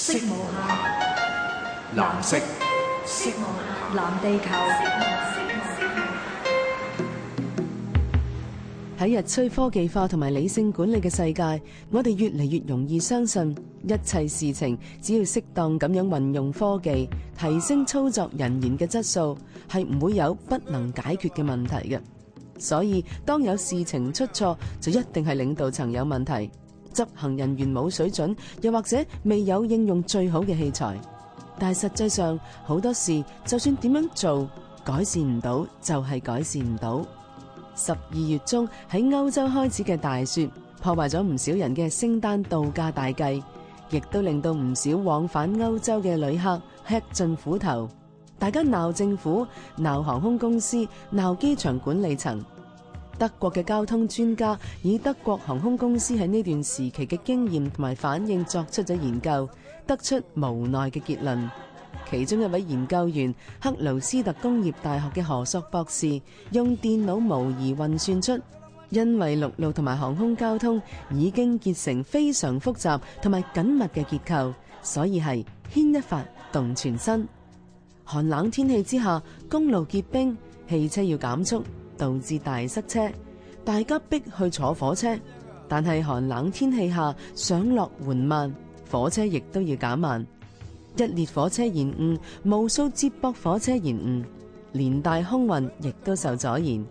色無限，藍色，色藍地球。喺日趨科技化同埋理性管理嘅世界，我哋越嚟越容易相信一切事情，只要適當咁樣運用科技，提升操作人員嘅質素，係唔會有不能解決嘅問題嘅。所以，當有事情出錯，就一定係領導層有問題。執行人員冇水準，又或者未有應用最好嘅器材，但係實際上好多事就算點樣做改善唔到，就係改善唔到。十二月中喺歐洲開始嘅大雪破壞咗唔少人嘅聖誕度假大計，亦都令到唔少往返歐洲嘅旅客吃盡苦頭。大家鬧政府、鬧航空公司、鬧機場管理層。德國嘅交通專家以德國航空公司喺呢段時期嘅經驗同埋反應作出咗研究，得出無奈嘅結論。其中一位研究員，克勞斯特工業大學嘅何索博士用電腦模擬運算出，因為陸路同埋航空交通已經結成非常複雜同埋緊密嘅結構，所以係牽一髮動全身。寒冷天氣之下，公路結冰，汽車要減速。導致大塞車，大家逼去坐火車，但係寒冷天氣下上落緩慢，火車亦都要減慢。一列火車延誤，無數接駁火車延誤，連帶空運亦都受阻延。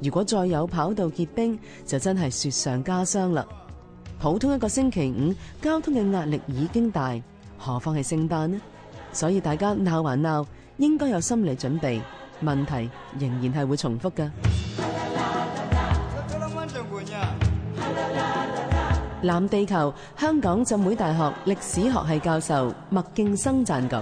如果再有跑道結冰，就真係雪上加霜啦。普通一個星期五，交通嘅壓力已經大，何況係聖誕呢？所以大家鬧還鬧，應該有心理準備。問題仍然係會重複噶。藍地球，香港浸會大學歷史學系教授麥勁生撰稿。